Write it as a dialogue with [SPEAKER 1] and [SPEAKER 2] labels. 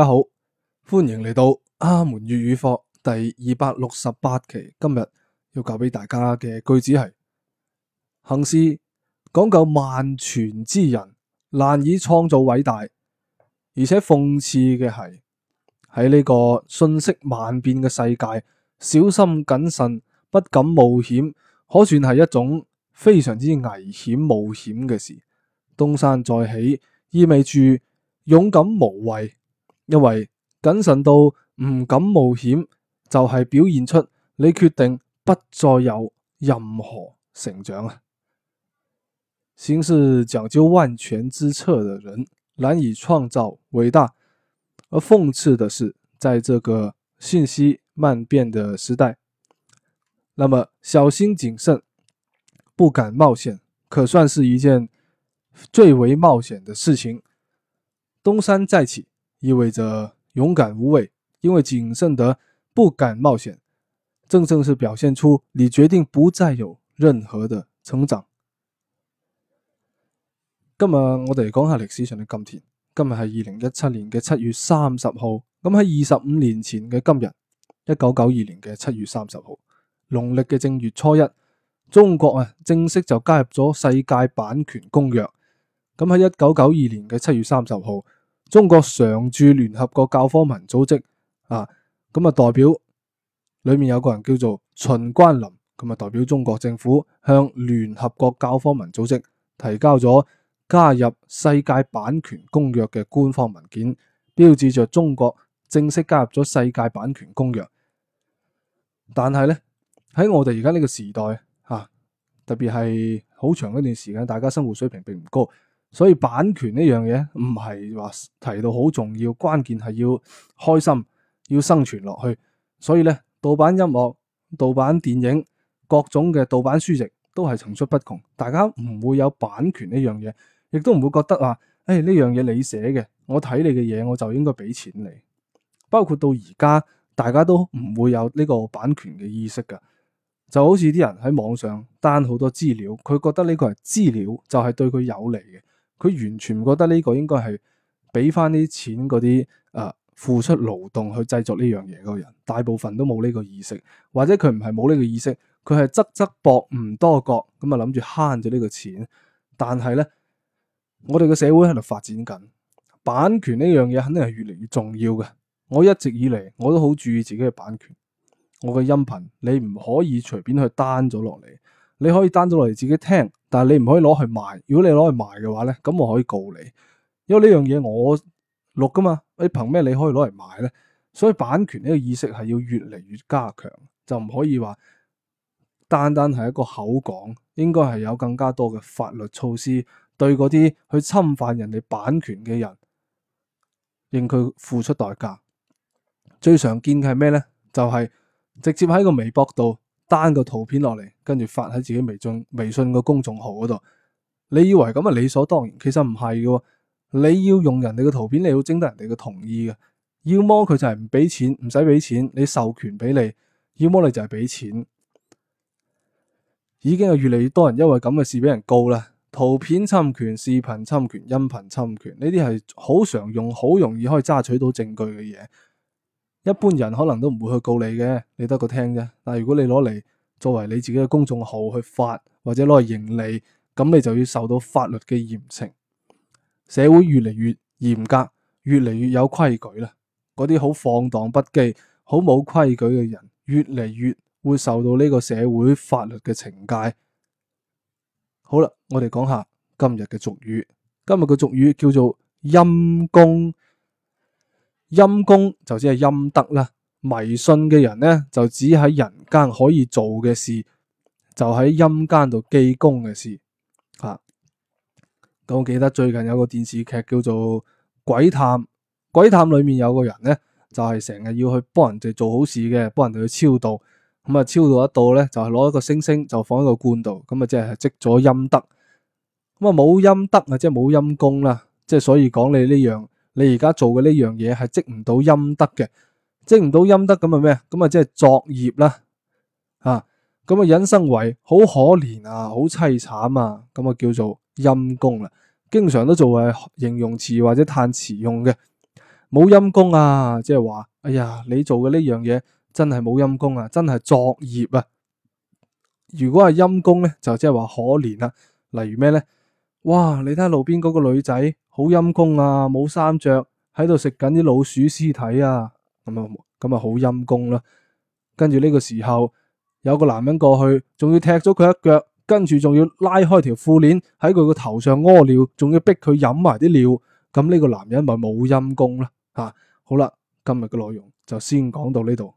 [SPEAKER 1] 大家好，歡迎嚟到阿門粵語課第二百六十八期。今日要教俾大家嘅句子係：行事講究萬全之人難以創造偉大，而且諷刺嘅係喺呢個瞬息萬變嘅世界，小心謹慎、不敢冒險，可算係一種非常之危險冒險嘅事。東山再起意味住勇敢無畏。因為謹慎到唔敢冒險，就係、是、表現出你決定不再有任何成長。行事講究萬全之策的人，難以創造偉大。而諷刺的是，在這個瞬息萬變的時代，那麼小心謹慎、不敢冒險，可算是一件最為冒險的事情。東山再起。意味着勇敢無畏，因為謹慎得不敢冒險，正正是表現出你決定不再有任何的成長。今日我哋講下歷史上的今天，今日係二零一七年嘅七月三十號。咁喺二十五年前嘅今日，一九九二年嘅七月三十號，農曆嘅正月初一，中國啊正式就加入咗世界版權公約。咁喺一九九二年嘅七月三十號。中國常駐聯合國教科文組織啊，咁啊代表裏面有個人叫做秦關林，咁啊代表中國政府向聯合國教科文組織提交咗加入世界版權公約嘅官方文件，標誌着中國正式加入咗世界版權公約。但係呢，喺我哋而家呢個時代啊，特別係好長一段時間，大家生活水平並唔高。所以版權呢樣嘢唔係話提到好重要，關鍵係要開心，要生存落去。所以咧，盜版音樂、盜版電影、各種嘅盜版書籍都係層出不窮。大家唔會有版權呢樣嘢，亦都唔會覺得話，誒呢樣嘢你寫嘅，我睇你嘅嘢我就應該俾錢你。包括到而家，大家都唔會有呢個版權嘅意識㗎。就好似啲人喺網上 down 好多資料，佢覺得呢個係資料就係、是、對佢有利嘅。佢完全唔覺得呢個應該係俾翻啲錢嗰啲啊付出勞動去製作呢樣嘢嘅人，大部分都冇呢個意識，或者佢唔係冇呢個意識，佢係側側膊唔多角咁啊，諗住慳咗呢個錢。但係咧，我哋嘅社會喺度發展緊，版權呢樣嘢肯定係越嚟越重要嘅。我一直以嚟我都好注意自己嘅版權，我嘅音頻你唔可以隨便去 down 咗落嚟。你可以 download 落嚟自己聽，但係你唔可以攞去賣。如果你攞去賣嘅話咧，咁我可以告你，因為呢樣嘢我錄噶嘛，你、哎、憑咩你可以攞嚟賣咧？所以版權呢個意識係要越嚟越加強，就唔可以話單單係一個口講，應該係有更加多嘅法律措施對嗰啲去侵犯人哋版權嘅人，令佢付出代價。最常見嘅係咩咧？就係、是、直接喺個微博度。單個圖片落嚟，跟住發喺自己微信、微信個公眾號嗰度。你以為咁啊理所當然，其實唔係嘅。你要用人哋嘅圖片，你要徵得人哋嘅同意嘅。要麼佢就係唔俾錢，唔使俾錢，你授權俾你；要麼你就係俾錢。已經有越嚟越多人因為咁嘅事俾人告啦。圖片侵權、視頻侵權、音頻侵權呢啲係好常用、好容易可以揸取到證據嘅嘢。一般人可能都唔會去告你嘅，你得個聽啫。但係如果你攞嚟作為你自己嘅公眾號去發，或者攞嚟盈利，咁你就要受到法律嘅嚴懲。社會越嚟越嚴格，越嚟越有規矩啦。嗰啲好放蕩不羈、好冇規矩嘅人，越嚟越會受到呢個社會法律嘅懲戒。好啦，我哋講下今日嘅俗語。今日嘅俗語叫做陰功。陰功就只係陰德啦，迷信嘅人咧就只喺人間可以做嘅事，就喺陰間度記功嘅事。啊，咁我記得最近有個電視劇叫做《鬼探》，鬼探裏面有個人咧就係成日要去幫人哋做好事嘅，幫人哋去超度。咁、嗯、啊，超度一到咧就係、是、攞一個星星就放喺個罐度，咁、嗯、啊、嗯、即係積咗陰德。咁啊冇陰德啊，即係冇陰功啦，即係、嗯、所以講你呢樣。你而家做嘅呢樣嘢係積唔到陰德嘅，積唔到陰德咁係咩？咁啊即係作孽啦，吓，咁啊引申為好可憐啊，好淒慘啊，咁啊叫做陰功啦。經常都做為形容詞或者嘆詞用嘅，冇陰功啊，即係話，哎呀，你做嘅呢樣嘢真係冇陰功啊，真係作孽啊。如果係陰功咧，就即係話可憐啊。例如咩咧？哇！你睇下路邊嗰個女仔，好陰功啊，冇衫着，喺度食緊啲老鼠屍體啊，咁啊，咁啊，好陰功啦。跟住呢個時候，有個男人過去，仲要踢咗佢一腳，跟住仲要拉開條褲鏈喺佢個頭上屙尿，仲要逼佢飲埋啲尿，咁呢個男人咪冇陰功啦。吓、啊，好啦，今日嘅內容就先講到呢度。